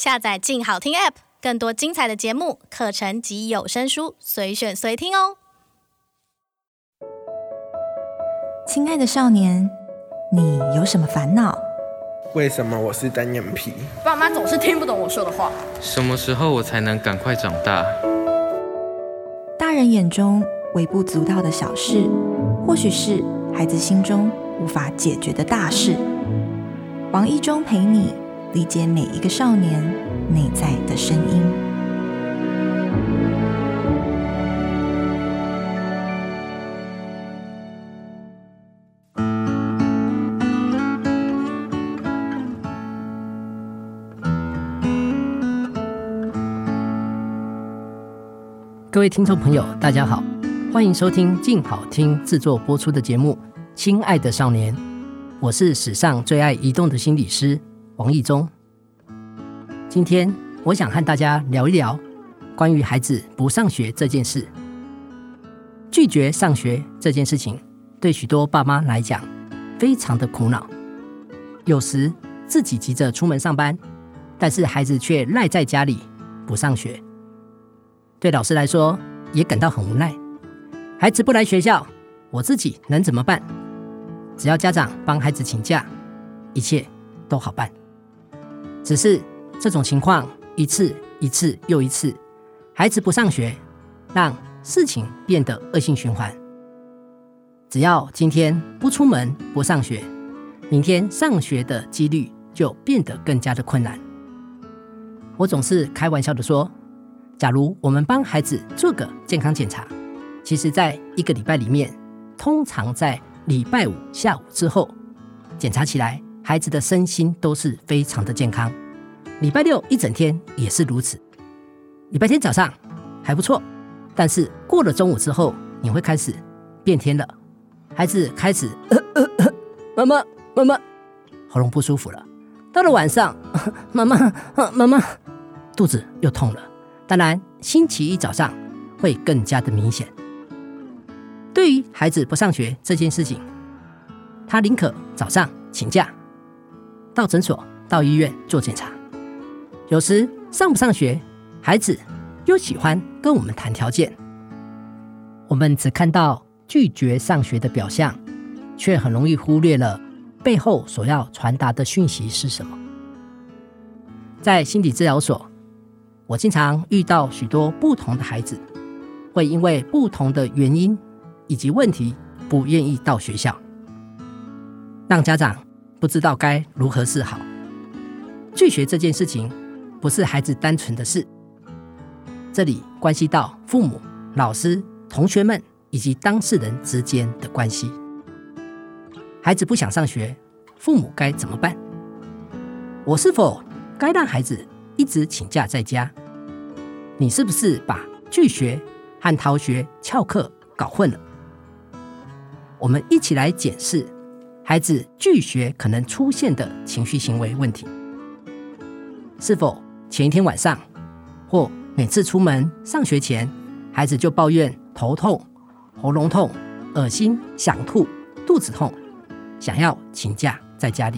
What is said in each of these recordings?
下載“靜好聽 ”App，更多精彩的節目、課程及有聲書，隨選隨聽哦。親愛的少年，你有什麼煩惱？為什麼我是單眼皮？爸媽總是聽不懂我說的話。什麼時候我才能趕快長大？大人眼中微不足道的小事，或許是孩子心中無法解決的大事。王意中陪你。理解每一個少年內在的聲音。各位聽眾朋友，大家好，歡迎收聽鏡好聽製作播出的節目《親愛的少年》，我是史上最愛移動的心理師。王意中，今天我想和大家聊一聊關於孩子不上學這件事。拒絕上學這件事情，對許多爸媽來講非常的苦惱。有時自己急着出門上班，但是孩子卻賴在家裡不上學。對老師來說也感到很無奈。孩子不來學校，我自己能怎麼辦？只要家長幫孩子請假，一切都好辦。只是這種情況一次一次又一次，孩子不上學，讓事情變得惡性循環。只要今天不出門不上學，明天上學的幾率就變得更加的困難。我總是開玩笑的說，假如我們幫孩子做個健康檢查，其實在一個禮拜裡面，通常在禮拜五下午之後檢查起來。孩子的身心都是非常的健康，禮拜六一整天也是如此。禮拜天早上還不錯，但是過了中午之後，你會開始變天了。孩子開始，咳咳咳，媽媽媽媽，喉嚨不舒服了。到了晚上，媽媽媽媽，肚子又痛了。當然，星期一早上會更加的明顯。對於孩子不上學這件事情，他寧可早上請假。到診所、到醫院做檢查，有時上不上學，孩子又喜歡跟我們談條件。我們只看到拒絕上學的表象，卻很容易忽略了背後所要傳達的訊息是什麼。在心理治療所，我經常遇到許多不同的孩子，會因為不同的原因以及問題，不願意到學校，讓家長。不知道該如何是好。拒學這件事情，不是孩子單純的事，這裡關係到父母、老師、同學們以及當事人之間的關係。孩子不想上學，父母該怎麼辦？我是否該讓孩子一直請假在家？你是不是把拒學和逃學、翹課搞混了？我們一起來檢視。孩子拒學，可能出現的情緒行為問題。是否前一天晚上或每次出門上學前，孩子就抱怨頭痛、喉嚨痛、噁心、想吐、肚子痛，想要請假在家裡？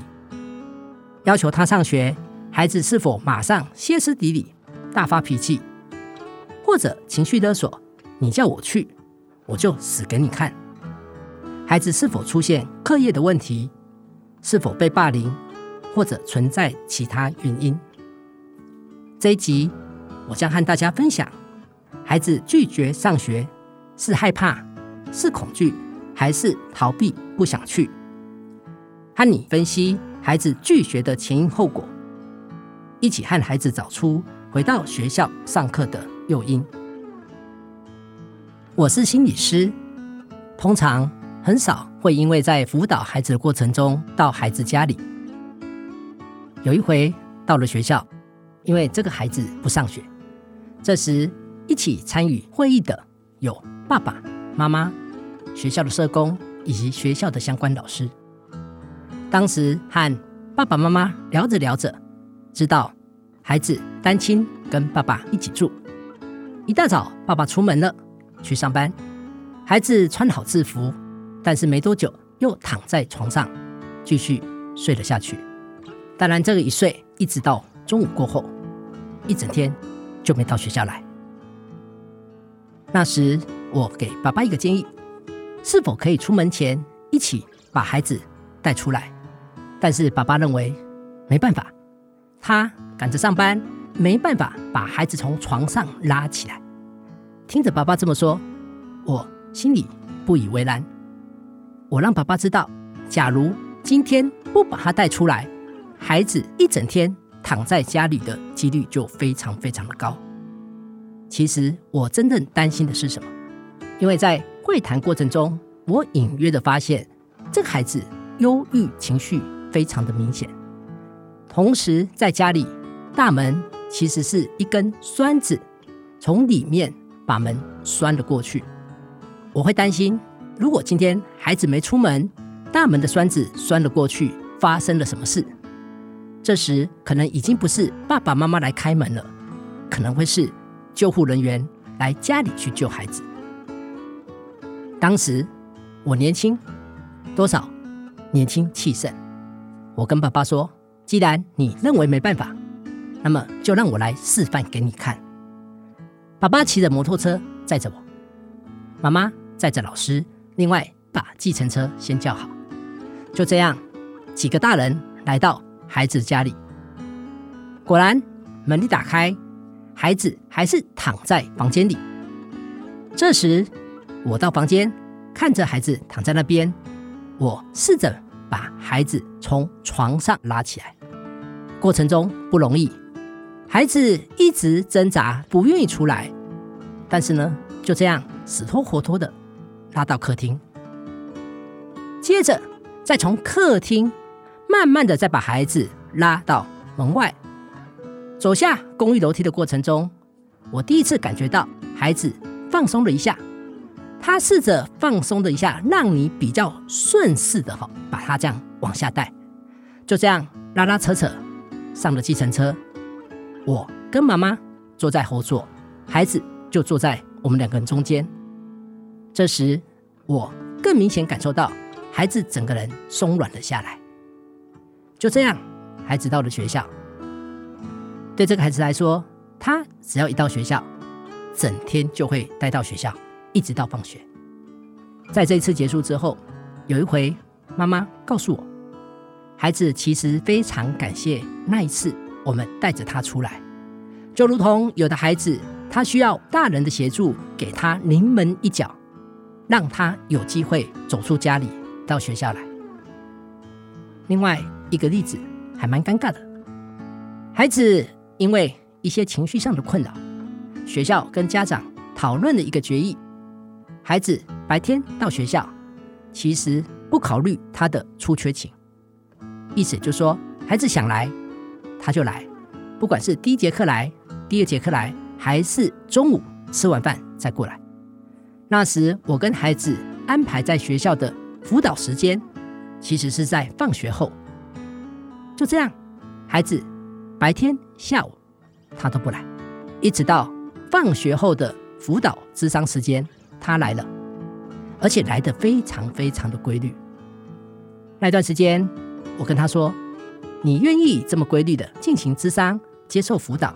要求他上學，孩子是否馬上歇斯底裡、大發脾氣，或者情緒勒索？你叫我去，我就死給你看。孩子是否出現課業的問題，是否被霸凌，或者存在其他原因？這一集，我將和大家分享，孩子拒絕上學是害怕、是恐懼，還是逃避不想去？和你分析孩子拒絕的前因後果，一起和孩子找出回到學校上課的誘因。我是心理師，通常王意中。很少會因為在輔導孩子的過程中到孩子家裡。有一回到了學校，因為這個孩子不上學，這時一起參與會議的有爸爸媽媽、學校的社工以及學校的相關老師。當時和爸爸媽媽聊着聊着，知道孩子單親，跟爸爸一起住。一大早爸爸出門了去上班，孩子穿好制服。但是沒多久，又躺在床上，繼續睡了下去。當然，這個一睡一直到中午過後，一整天就沒到學校來。那時，我給爸爸一個建議：是否可以出門前一起把孩子帶出來？但是爸爸認為沒辦法，他趕着上班，沒辦法把孩子從床上拉起來。聽着爸爸這麼說，我心裡不以為然。我讓爸爸知道，假如今天不把他帶出來，孩子一整天躺在家裡的幾率就非常非常的高。其實我真正擔心的是什麼？因為在會談過程中，我隱約的發現這個孩子憂鬱情緒非常的明顯，同時在家裡大門其實是一根栓子，從裡面把門栓了過去。我會擔心。如果今天孩子沒出門，大門的栓子栓了過去，發生了什麼事？這時可能已經不是爸爸媽媽來開門了，可能會是救護人員來家裡去救孩子。當時我年輕多少，年輕氣盛，我跟爸爸說：“既然你認為沒辦法，那麼就讓我來示範給你看。”爸爸騎着摩托車載着我，媽媽載着老師。另外，把計程車先叫好。就這樣，幾個大人來到孩子家裡。果然，門一打開，孩子還是躺在房間裡。這時，我到房間看着孩子躺在那邊，我試着把孩子從床上拉起來。過程中不容易，孩子一直掙扎，不願意出來。但是呢，就這樣死拖活拖的。拉到客廳，接着再從客廳慢慢的再把孩子拉到門外，走下公寓樓梯的過程中，我第一次感覺到孩子放鬆了一下，他試着放鬆了一下，讓你比較順勢的哈，把他這樣往下帶，就這樣拉拉扯扯上了計程車，我跟媽媽坐在後座，孩子就坐在我們兩個人中間。這時，我更明顯感受到孩子整個人鬆軟了下來。就這樣，孩子到了學校。對這個孩子來說，他只要一到學校，整天就會待到學校，一直到放學。在這一次結束之後，有一回，媽媽告訴我，孩子其實非常感謝那一次我們帶着他出來，就如同有的孩子，他需要大人的協助，給他臨門一腳。讓他有機會走出家裡到學校來。另外一個例子還蠻尷尬的，孩子因為一些情緒上的困擾，學校跟家長討論了一個決議，孩子白天到學校，其實不考慮他的出缺勤，意思就是說，孩子想來他就來，不管是第一節課來、第二節課來，還是中午吃完飯再過來。那時我跟孩子安排在學校的輔導時間，其實是在放學後。就這樣，孩子白天、下午他都不來，一直到放學後的輔導諮商時間他來了，而且來得非常非常的規律。那段時間我跟他說：“你願意這麼規律的進行諮商、接受輔導，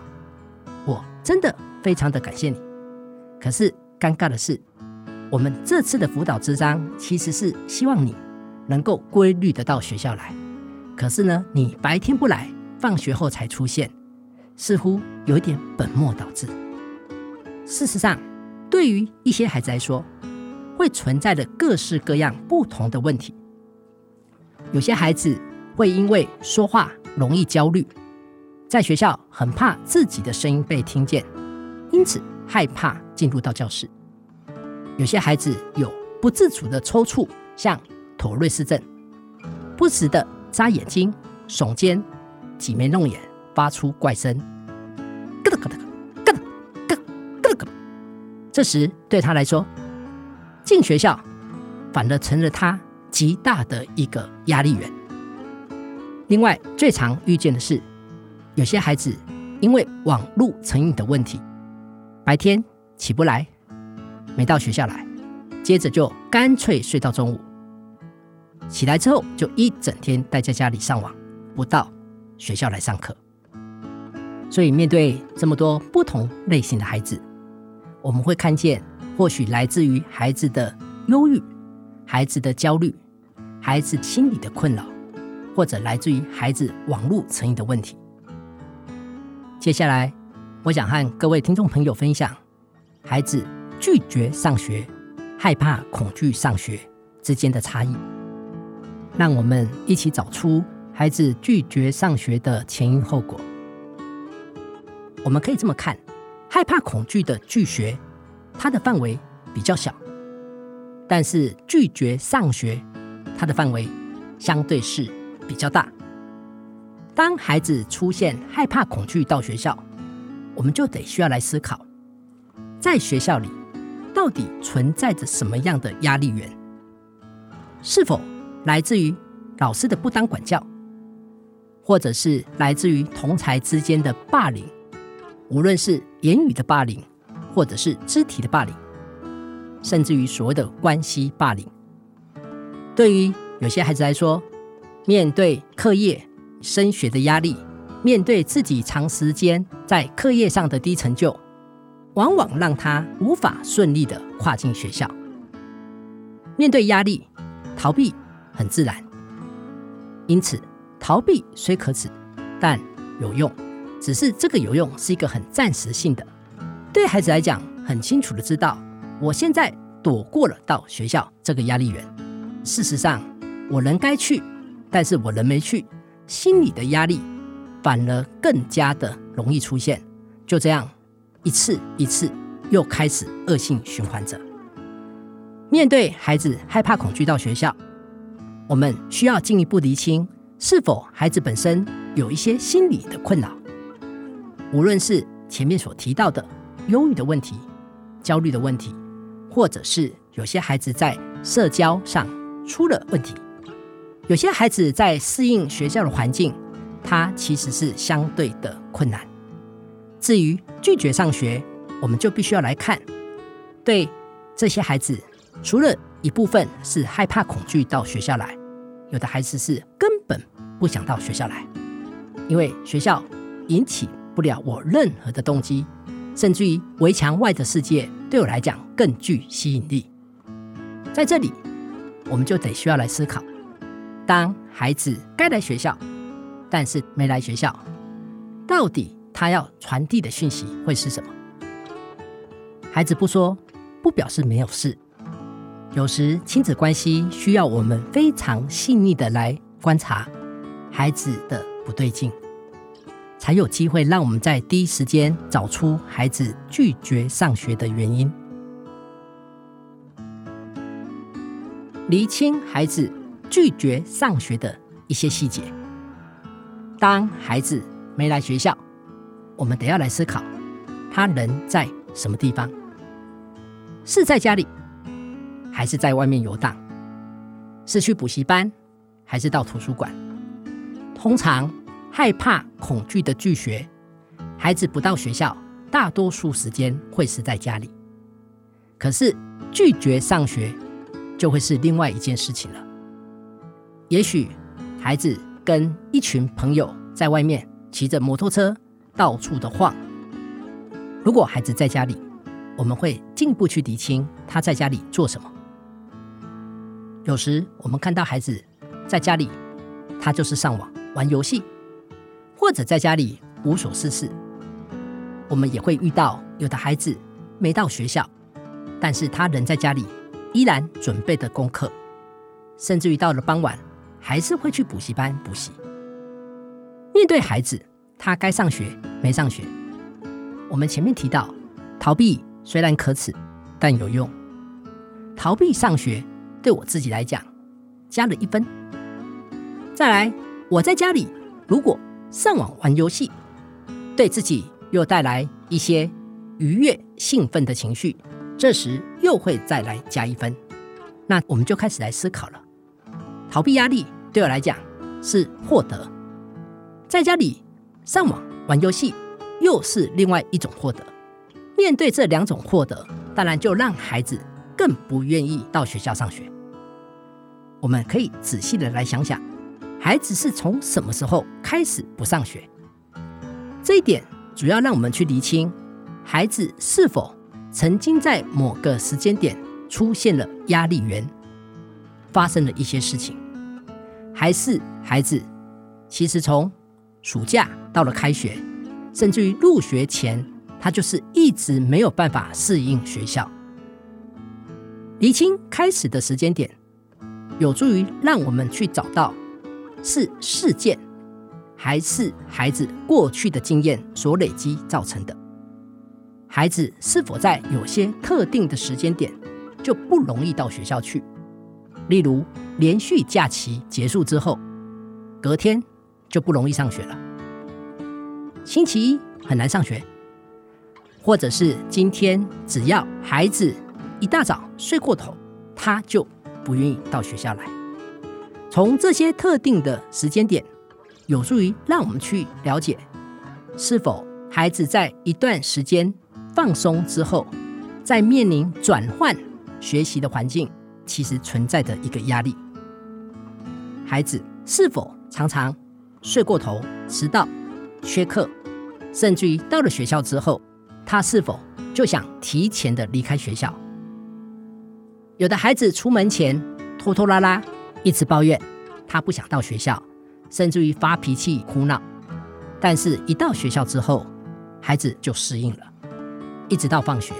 我真的非常的感謝你。”可是尷尬的是。我們這次的輔導之章其實是希望你能夠規律地到學校來，可是呢，你白天不來，放學後才出現，似乎有一點本末倒置。事實上，對於一些孩子來說，會存在着各式各樣不同的問題。有些孩子會因為說話容易焦慮，在學校很怕自己的聲音被聽見，因此害怕進入到教室。有些孩子有不自主的抽搐，像妥瑞氏症，不時的眨眼睛、聳肩、擠眉弄眼、發出怪聲，咯噔咯噔咯噔咯噔咯噔。這時對他來說，進學校反而成了他極大的一個壓力源。另外，最常遇見的是，有些孩子因為網路成癮的問題，白天起不來。沒到學校來，接着就乾脆睡到中午。起來之後就一整天待在家裡上網，不到學校來上課。所以面對這麼多不同類型的孩子，我們會看見或許來自於孩子的憂鬱、孩子的焦慮、孩子心理的困擾，或者來自於孩子網絡成癮的問題。接下來，我想和各位聽眾朋友分享孩子。拒絕上學、害怕、恐懼上學之間的差異，讓我們一起找出孩子拒絕上學的前因後果。我們可以這麼看：害怕、恐懼的拒絕，它的範圍比較小；但是拒絕上學，它的範圍相對是比較大。當孩子出現害怕、恐懼到學校，我們就得需要來思考，在學校裡。到底存在着什麼樣的壓力源？是否來自於老師的不當管教，或者是來自於同儕之間的霸凌？無論是言語的霸凌，或者是肢體的霸凌，甚至於所謂的關係霸凌。對於有些孩子來說，面對課業、升學的壓力，面對自己長時間在課業上的低成就。往往讓他無法順利的跨進學校。面對壓力，逃避很自然。因此，逃避雖可恥，但有用。只是這個有用是一個很暫時性的。對孩子來講，很清楚的知道，我現在躲過了到學校這個壓力源。事實上，我人該去，但是我人沒去，心裡的壓力反而更加的容易出現。就這樣。一次一次又開始惡性循環着。面對孩子害怕恐懼到學校，我們需要進一步釐清是否孩子本身有一些心理的困擾。無論是前面所提到的憂鬱的問題、焦慮的問題，或者是有些孩子在社交上出了問題，有些孩子在適應學校的環境，他其實是相對的困難。至於，拒絕上學，我們就必須要來看，對這些孩子，除了一部分是害怕恐懼到學校來，有的孩子是根本不想到學校來，因為學校引起不了我任何的動機，甚至於圍牆外的世界對我來講更具吸引力。在這裡，我們就得需要來思考：當孩子該來學校，但是沒來學校，到底，他要傳遞的訊息會是什麼？孩子不說，不表示沒有事。有時親子關係需要我們非常細膩的來觀察孩子的不對勁，才有機會讓我們在第一時間找出孩子拒絕上學的原因，釐清孩子拒絕上學的一些細節。當孩子沒來學校，我們得要來思考，他人在什麼地方？是在家裡，還是在外面遊蕩？是去補習班，還是到圖書館？通常害怕、恐懼的拒學，孩子不到學校，大多數時間會是在家裡。可是拒絕上學，就會是另外一件事情了。也許孩子跟一群朋友在外面騎着摩托車。到處的晃。如果孩子在家裡，我們會進一步去釐清他在家裡做什麼。有時我們看到孩子在家裡，他就是上網玩遊戲，或者在家裡無所事事。我們也會遇到有的孩子沒到學校，但是他人在家裡依然準備的功課，甚至於到了傍晚還是會去補習班補習。面對孩子，他該上學沒上學？我們前面提到，逃避雖然可恥，但有用。逃避上學對我自己來講加了一分。再來，我在家裡如果上網玩遊戲，對自己又帶來一些愉悅、興奮的情緒，這時又會再來加一分。那我們就開始來思考了：逃避壓力對我來講是獲得，在家裡。上網玩遊戲又是另外一種獲得。面對這兩種獲得，當然就讓孩子更不願意到學校上學。我們可以仔細的來想想，孩子是從什麼時候開始不上學？這一點主要讓我們去釐清，孩子是否曾經在某個時間點出現了壓力源，發生了一些事情，還是孩子其實從。暑假到了，開學，甚至於入學前，他就是一直沒有辦法適應學校。釐清開始的時間點，有助於讓我們去找到是事件，還是孩子過去的經驗所累積造成的。孩子是否在有些特定的時間點就不容易到學校去？例如連續假期結束之後，隔天。就不容易上學了。星期一很難上學，或者是今天只要孩子一大早睡過頭，他就不願意到學校來。從這些特定的時間點，有助於讓我們去了解，是否孩子在一段時間放鬆之後，在面臨轉換學習的環境，其實存在的一個壓力。孩子是否常常，睡過頭、遲到、缺課，甚至於到了學校之後，他是否就想提前的離開學校？有的孩子出門前拖拖拉拉，一直抱怨他不想到學校，甚至於發脾氣哭鬧。但是，一到學校之後，孩子就適應了，一直到放學。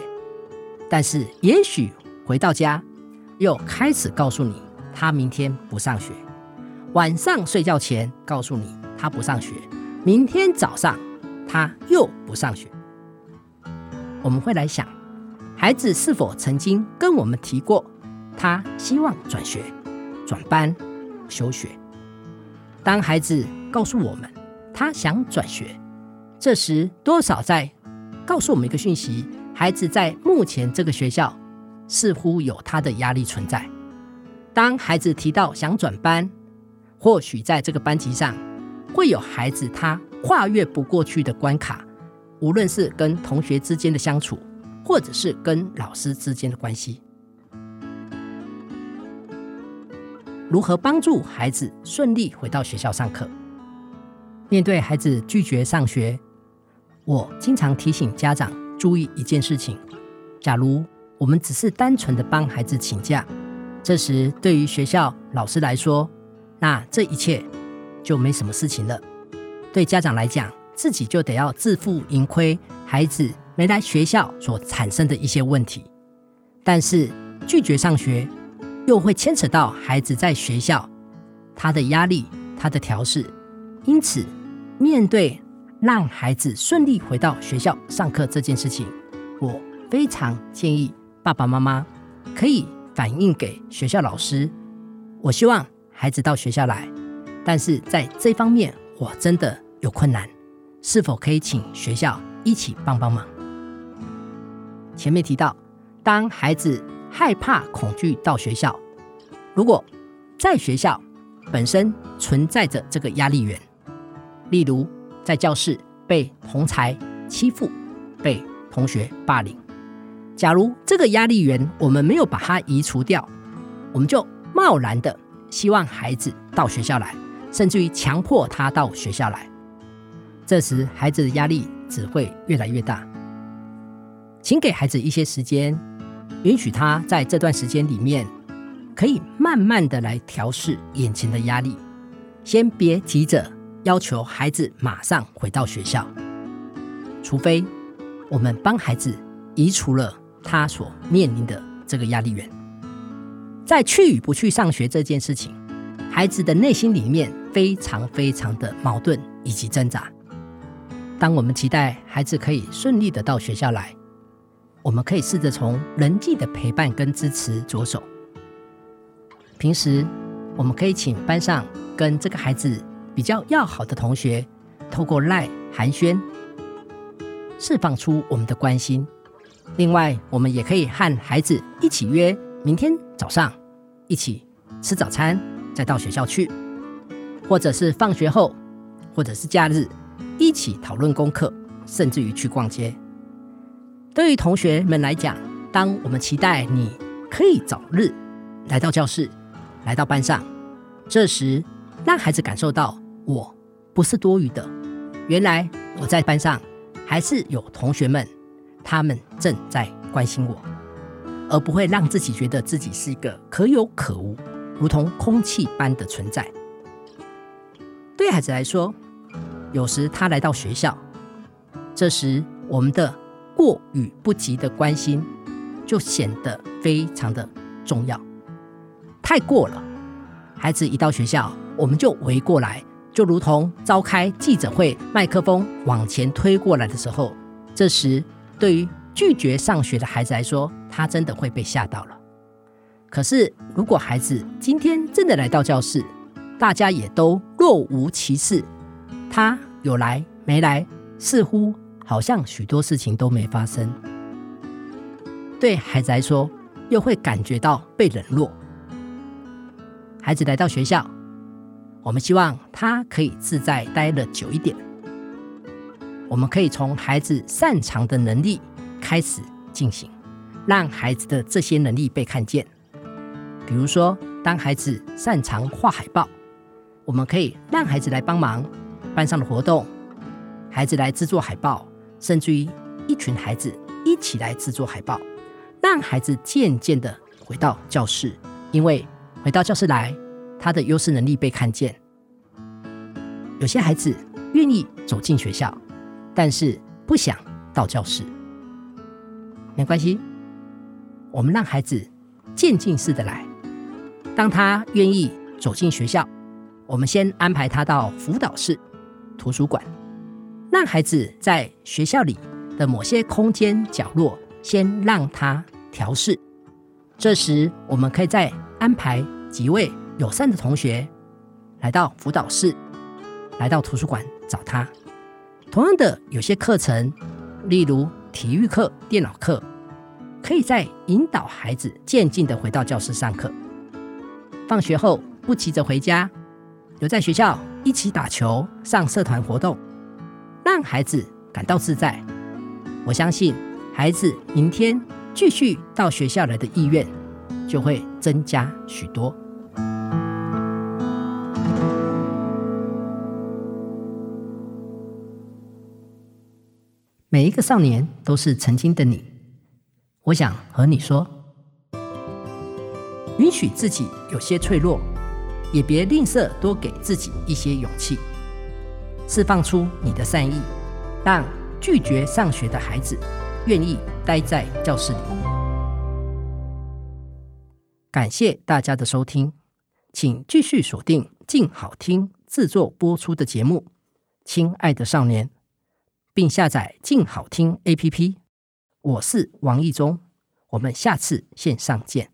但是，也許回到家又開始告訴你他明天不上學。晚上睡覺前告訴你他不上學，明天早上他又不上學。我們會來想，孩子是否曾經跟我們提過他希望轉學、轉班、休學？當孩子告訴我們他想轉學，這時多少在告訴我們一個訊息：孩子在目前這個學校似乎有他的壓力存在。當孩子提到想轉班，或許在這個班級上，會有孩子他跨越不過去的關卡，無論是跟同學之間的相處，或者是跟老師之間的關係。如何幫助孩子順利回到學校上課？面對孩子拒絕上學，我經常提醒家長注意一件事情：假如我們只是單純的幫孩子請假，這時對於學校老師來說，那這一切就沒什麼事情了。對家長來講，自己就得要自負盈虧，孩子沒來學校所產生的一些問題。但是拒絕上學又會牽扯到孩子在學校他的壓力、他的調適。因此，面對讓孩子順利回到學校上課這件事情，我非常建議爸爸媽媽可以反映給學校老師。我希望。孩子到學校來，但是在這方面我真的有困難，是否可以請學校一起幫幫忙？前面提到，當孩子害怕、恐懼到學校，如果在學校本身存在着這個壓力源，例如在教室被同學欺負、被同學霸凌，假如這個壓力源我們沒有把它移除掉，我們就貿然的。希望孩子到學校來，甚至於強迫他到學校來。這時孩子的壓力只會越來越大。請給孩子一些時間，允許他在這段時間裡面，可以慢慢的來調適眼前的壓力。先別急着要求孩子馬上回到學校，除非我們幫孩子移除了他所面臨的這個壓力源。在去與不去上學這件事情，孩子的內心裡面非常非常的矛盾以及掙扎。當我們期待孩子可以順利的到學校來，我們可以試着從人際的陪伴跟支持着手。平時我們可以請班上跟這個孩子比較要好的同學，透過 LINE 寒暄，釋放出我們的關心。另外，我們也可以和孩子一起約。明天早上一起吃早餐，再到學校去，或者是放學後，或者是假日，一起討論功課，甚至於去逛街。對於同學們來講，當我們期待你可以早日來到教室、來到班上，這時讓孩子感受到，我不是多餘的。原來我在班上還是有同學們，他們正在關心我。而不會讓自己覺得自己是一個可有可無，如同空氣般的存在。對孩子來說，有時他來到學校，這時我們的過與不及的關心就顯得非常的重要。太過了，孩子一到學校，我們就圍過來，就如同召開記者會，麥克風往前推過來的時候，這時對於。拒絕上學的孩子來說，他真的會被嚇到了。可是，如果孩子今天真的來到教室，大家也都若無其事，他有來沒來，似乎好像許多事情都沒發生。對孩子來說，又會感覺到被冷落。孩子來到學校，我們希望他可以自在待得久一點。我們可以從孩子擅長的能力。開始進行，讓孩子的這些能力被看見。比如說，當孩子擅長畫海報，我們可以讓孩子來幫忙班上的活動，孩子來製作海報，甚至於一群孩子一起來製作海報，讓孩子漸漸的回到教室，因為回到教室來，他的優勢能力被看見。有些孩子願意走進學校，但是不想到教室。沒關係，我們讓孩子漸進式的來。當他願意走進學校，我們先安排他到輔導室、圖書館，讓孩子在學校裡的某些空間角落先讓他調適。這時，我們可以再安排幾位友善的同學來到輔導室、來到圖書館找他。同樣的，有些課程，例如，體育課、電腦課，可以再引導孩子漸進地回到教室上課。放學後不急着回家，留在學校一起打球、上社團活動，讓孩子感到自在。我相信，孩子明天繼續到學校來的意願就會增加許多。每一個少年都是曾經的你，我想和你說，允許自己有些脆弱，也別吝嗇多給自己一些勇氣，釋放出你的善意，讓拒絕上學的孩子願意待在教室裡。感謝大家的收聽，請繼續鎖定靜好聽製作播出的節目，《親愛的少年》。並下載“靜好聽 ”APP。我是王意中，我們下次線上見。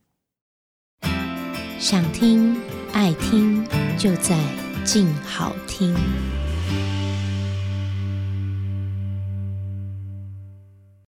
想聽、愛聽，就在“靜好聽”。